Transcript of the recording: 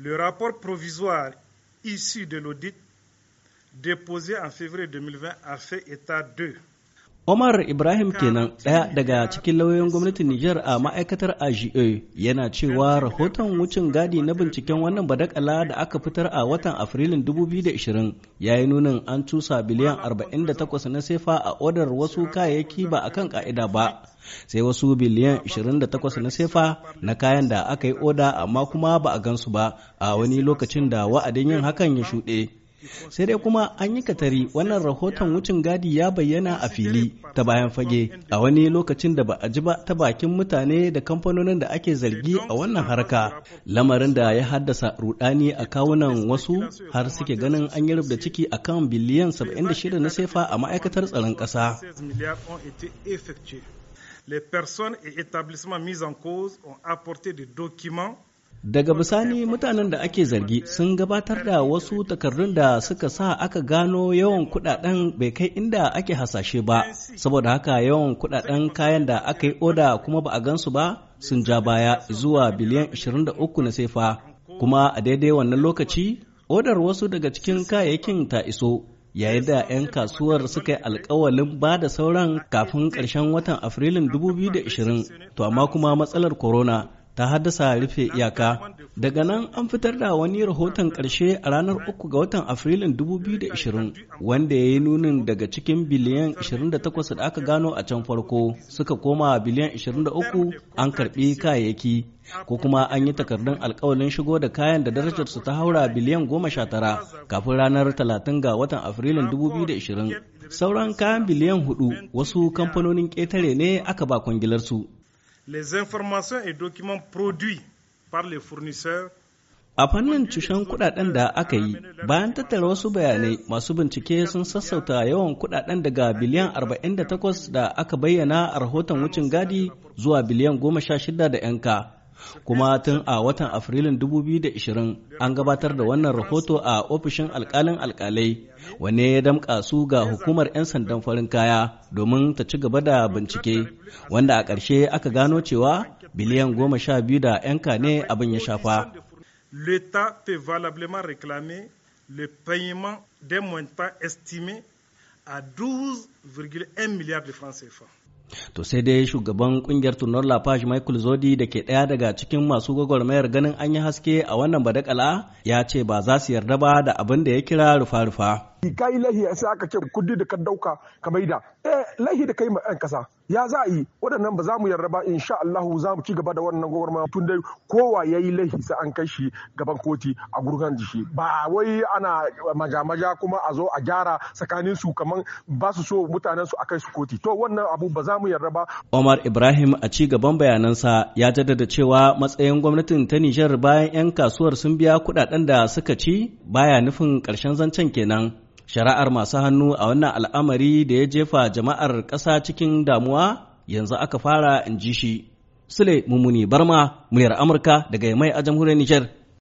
Le rapport provisoire issu de l'audit déposé en février 2020 a fait état de Omar Ibrahim kenan ɗaya daga cikin lauyoyin gwamnatin Nijar a ma'aikatar AGA yana cewa rahoton wucin gadi na binciken wannan badakala da aka fitar a watan Afrilun 2020 ya yi nunin an cusa biliyan 48 na sefa a odar wasu kayayyaki ba akan ka'ida ba. Sai wasu biliyan 28 na sefa na kayan da aka yi oda amma kuma ba a gansu ba a wani lokacin da wa'adin yin hakan ya shuɗe. sai dai kuma an yi katari wannan rahoton wucin gadi ya bayyana a fili ta bayan fage a wani lokacin da ba a ji ba ta bakin mutane da kamfanonin da ake zargi a wannan harka lamarin da ya haddasa rudani a kawunan wasu har suke ganin an yi rubda ciki akan biliyan 76 na sefa a ma'aikatar tsaron ƙasa Les personnes et établissements mis en cause ont apporté des Daga bisani mutanen da ake zargi sun gabatar da wasu takardun da suka sa aka gano yawan kudaden bai kai inda ake hasashe ba, saboda haka yawan kudaden kayan da aka yi oda kuma ba a gansu ba sun ja baya zuwa biliyan 23 na sefa. Kuma a daidai wannan lokaci, odar wasu daga cikin kayayyakin ta iso, yayin da 'yan kasuwar suka yi alkawalin ba da sauran kafin ƙarshen watan Afrilun 2020, to amma kuma matsalar corona ta haddasa rufe iyaka daga nan an fitar da wani rahoton ƙarshe a ranar 3 ga watan afrilun 2020 wanda ya yi nunin daga cikin biliyan 28 da aka gano a can farko suka koma biliyan 23 an karbi kayayyaki ko kuma an yi takardun alkawalin shigo da kayan da darajarsu ta haura biliyan 19 kafin ranar 30 ga watan afrilun 2020 sauran kayan biliyan hudu wasu kamfanonin ƙetare ne aka ba kwangilarsu les informations et documents produits par les fournisseurs A fannin cushen kudaden da aka yi, bayan tattara wasu bayanai masu bincike sun sassauta yawan kudaden daga biliyan 48 da aka bayyana a rahoton wucin gadi zuwa biliyan 16 da 'yanka. kuma tun a watan afrilun 2020 an gabatar da wannan rahoto a ofishin alkalin alkalai wanne ya damka su ga hukumar 'yan sandan farin kaya domin ta ci gaba da bincike wanda a ƙarshe aka gano cewa biliyan goma sha biyu da 'yanka ne abin ya shafa le paiement des de francs To sai dai shugaban kungiyar Tunar Lafash Michael Zodi da ke ɗaya daga cikin masu gwagwarmayar ganin an yi haske a wannan badakala ya ce ba za su yarda ba da abin da ya kira rufa-rufa. Ka yi lahi sai aka ce kudi da ka dauka ka maida. Eh lahi da kai ma 'yan kasa. ya za a yi waɗannan ba za mu yarda ba insha Allah za mu ci gaba da wannan gwagwarmaya tun dai kowa ya yi laifi sai an kai shi gaban koti a gurgan jishi ba wai ana majamaja kuma a zo a gyara tsakanin su kamar ba su so mutanen su a kai su koti to wannan abu ba za mu yarda ba Omar Ibrahim a ci gaban bayanansa ya jaddada cewa matsayin gwamnatin ta Nijar bayan 'yan kasuwar sun biya kuɗaɗen da suka ci baya nufin ƙarshen zancen kenan shari'ar masu hannu a wannan al'amari da ya jefa jama'ar ƙasa cikin damuwa yanzu aka fara in ji shi. Sule Mummuni Barma, muryar Amurka daga mai a jamhuriyar Nijar.